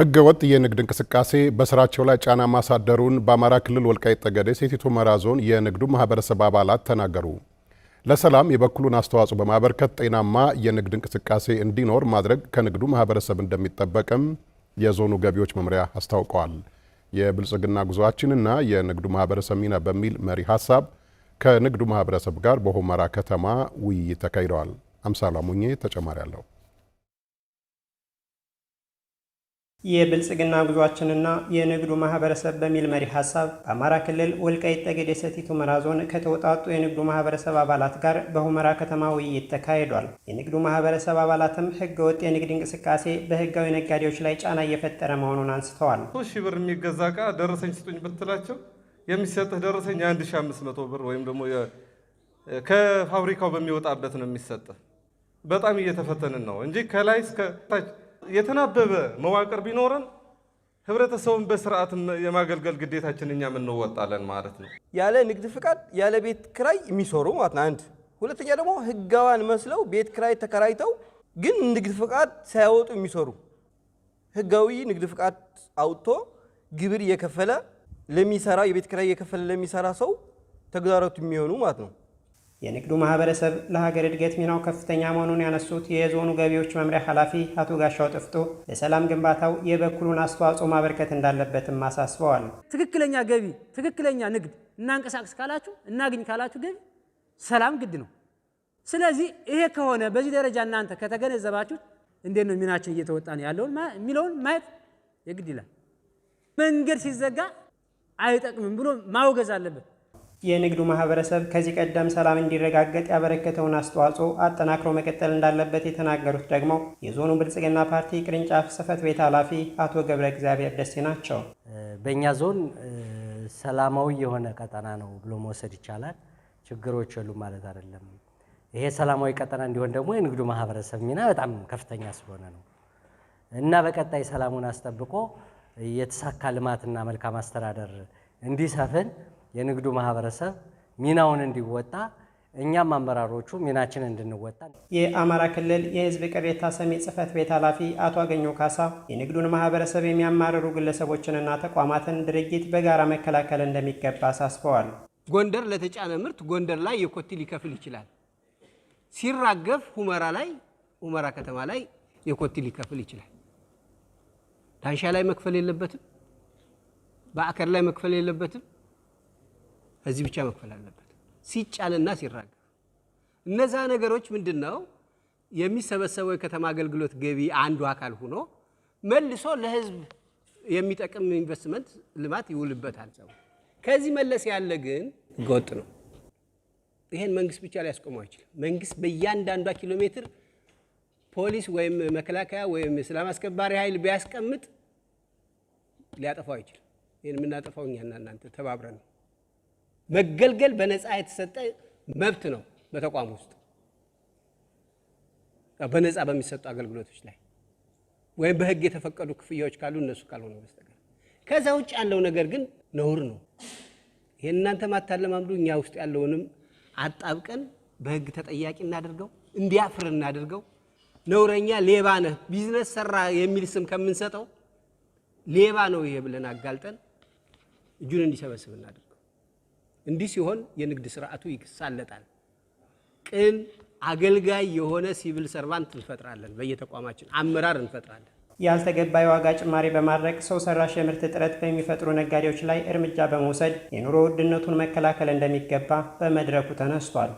ህገ ወጥ የንግድ እንቅስቃሴ በስራቸው ላይ ጫና ማሳደሩን በአማራ ክልል ወልቃይት ጠገዴ ሰቲት ሁመራ ዞን የንግዱ ማህበረሰብ አባላት ተናገሩ። ለሰላም የበኩሉን አስተዋጽኦ በማበርከት ጤናማ የንግድ እንቅስቃሴ እንዲኖር ማድረግ ከንግዱ ማህበረሰብ እንደሚጠበቅም የዞኑ ገቢዎች መምሪያ አስታውቀዋል። የብልጽግና ጉዞአችንና የንግዱ ማህበረሰብ ሚና በሚል መሪ ሀሳብ ከንግዱ ማህበረሰብ ጋር በሁመራ ከተማ ውይይት ተካሂደዋል። አምሳሏ ሙኜ ተጨማሪ አለው። የብልጽግና ጉዟችንና የንግዱ ማህበረሰብ በሚል መሪ ሀሳብ በአማራ ክልል ወልቃይት ጠገዴ ሰቲት ሁመራ ዞን ከተውጣጡ የንግዱ ማህበረሰብ አባላት ጋር በሁመራ ከተማ ውይይት ተካሂዷል። የንግዱ ማህበረሰብ አባላትም ህገወጥ የንግድ እንቅስቃሴ በህጋዊ ነጋዴዎች ላይ ጫና እየፈጠረ መሆኑን አንስተዋል። ሶስት ሺህ ብር የሚገዛ ቃ ደረሰኝ ስጡኝ ብትላቸው የሚሰጥህ ደረሰኝ የአንድ ሺህ አምስት መቶ ብር ወይም ደግሞ ከፋብሪካው በሚወጣበት ነው የሚሰጥህ። በጣም እየተፈተንን ነው እንጂ ከላይ እስከ ታች የተናበበ መዋቅር ቢኖረን ህብረተሰቡን በስርዓት የማገልገል ግዴታችን እኛም እንወጣለን ማለት ነው። ያለ ንግድ ፍቃድ ያለ ቤት ክራይ የሚሰሩ ማለት ነው። አንድ ሁለተኛ ደግሞ ህጋዋን መስለው ቤት ክራይ ተከራይተው ግን ንግድ ፍቃድ ሳያወጡ የሚሰሩ ህጋዊ ንግድ ፍቃድ አውጥቶ ግብር እየከፈለ ለሚሰራ የቤት ክራይ እየከፈለ ለሚሰራ ሰው ተግዳሮት የሚሆኑ ማለት ነው። የንግዱ ማህበረሰብ ለሀገር እድገት ሚናው ከፍተኛ መሆኑን ያነሱት የዞኑ ገቢዎች መምሪያ ኃላፊ አቶ ጋሻው ጥፍጦ ለሰላም ግንባታው የበኩሉን አስተዋጽኦ ማበርከት እንዳለበትም አሳስበዋል። ትክክለኛ ገቢ፣ ትክክለኛ ንግድ እናንቀሳቀስ ካላችሁ፣ እናግኝ ካላችሁ ገቢ ሰላም ግድ ነው። ስለዚህ ይሄ ከሆነ በዚህ ደረጃ እናንተ ከተገነዘባችሁት እንዴት ነው ሚናችን እየተወጣ ነው ያለውን የሚለውን ማየት የግድ ይላል። መንገድ ሲዘጋ አይጠቅምም ብሎ ማውገዝ አለበት። የንግዱ ማህበረሰብ ከዚህ ቀደም ሰላም እንዲረጋገጥ ያበረከተውን አስተዋጽኦ አጠናክሮ መቀጠል እንዳለበት የተናገሩት ደግሞ የዞኑ ብልጽግና ፓርቲ ቅርንጫፍ ጽህፈት ቤት ኃላፊ አቶ ገብረ እግዚአብሔር ደሴ ናቸው። በእኛ ዞን ሰላማዊ የሆነ ቀጠና ነው ብሎ መውሰድ ይቻላል። ችግሮች የሉም ማለት አይደለም። ይሄ ሰላማዊ ቀጠና እንዲሆን ደግሞ የንግዱ ማህበረሰብ ሚና በጣም ከፍተኛ ስለሆነ ነው እና በቀጣይ ሰላሙን አስጠብቆ የተሳካ ልማትና መልካም አስተዳደር እንዲሰፍን የንግዱ ማህበረሰብ ሚናውን እንዲወጣ እኛም አመራሮቹ ሚናችን እንድንወጣ። የአማራ ክልል የህዝብ ቅሬታ ሰሚ ጽህፈት ቤት ኃላፊ አቶ አገኘው ካሳ የንግዱን ማህበረሰብ የሚያማርሩ ግለሰቦችንና ተቋማትን ድርጊት በጋራ መከላከል እንደሚገባ አሳስበዋል። ጎንደር ለተጫነ ምርት ጎንደር ላይ የኮቲ ሊከፍል ይችላል። ሲራገፍ ሁመራ ላይ ሁመራ ከተማ ላይ የኮቲ ሊከፍል ይችላል። ዳንሻ ላይ መክፈል የለበትም። በአከር ላይ መክፈል የለበትም። በዚህ ብቻ መክፈል አለበት። ሲጫንና ሲራገፍ እነዛ ነገሮች ምንድን ነው የሚሰበሰበው የከተማ አገልግሎት ገቢ አንዱ አካል ሆኖ መልሶ ለህዝብ የሚጠቅም ኢንቨስትመንት ልማት ይውልበታል። ሰው ከዚህ መለስ ያለ ግን ህገወጥ ነው። ይሄን መንግስት ብቻ ሊያስቆመው አይችልም። መንግስት በእያንዳንዷ ኪሎ ሜትር ፖሊስ ወይም መከላከያ ወይም የሰላም አስከባሪ ኃይል ቢያስቀምጥ ሊያጠፋው አይችልም። ይህን የምናጠፋው እኛና እናንተ ተባብረን ነው። መገልገል በነፃ የተሰጠ መብት ነው። በተቋም ውስጥ በነፃ በሚሰጡ አገልግሎቶች ላይ ወይም በህግ የተፈቀዱ ክፍያዎች ካሉ እነሱ ካልሆነ በስተቀር ከዛ ውጭ ያለው ነገር ግን ነውር ነው። ይህን እናንተ ማታለማምዱ እኛ ውስጥ ያለውንም አጣብቀን በህግ ተጠያቂ እናደርገው፣ እንዲያፍር እናደርገው። ነውረኛ ሌባ ነህ፣ ቢዝነስ ሰራ የሚል ስም ከምንሰጠው ሌባ ነው ይሄ ብለን አጋልጠን እጁን እንዲሰበስብ እናደርግ። እንዲህ ሲሆን የንግድ ስርዓቱ ይሳለጣል። ቅን አገልጋይ የሆነ ሲቪል ሰርቫንት እንፈጥራለን። በየተቋማችን አመራር እንፈጥራለን። ያልተገባ የዋጋ ጭማሪ በማድረግ ሰው ሰራሽ የምርት እጥረት በሚፈጥሩ ነጋዴዎች ላይ እርምጃ በመውሰድ የኑሮ ውድነቱን መከላከል እንደሚገባ በመድረኩ ተነስቷል።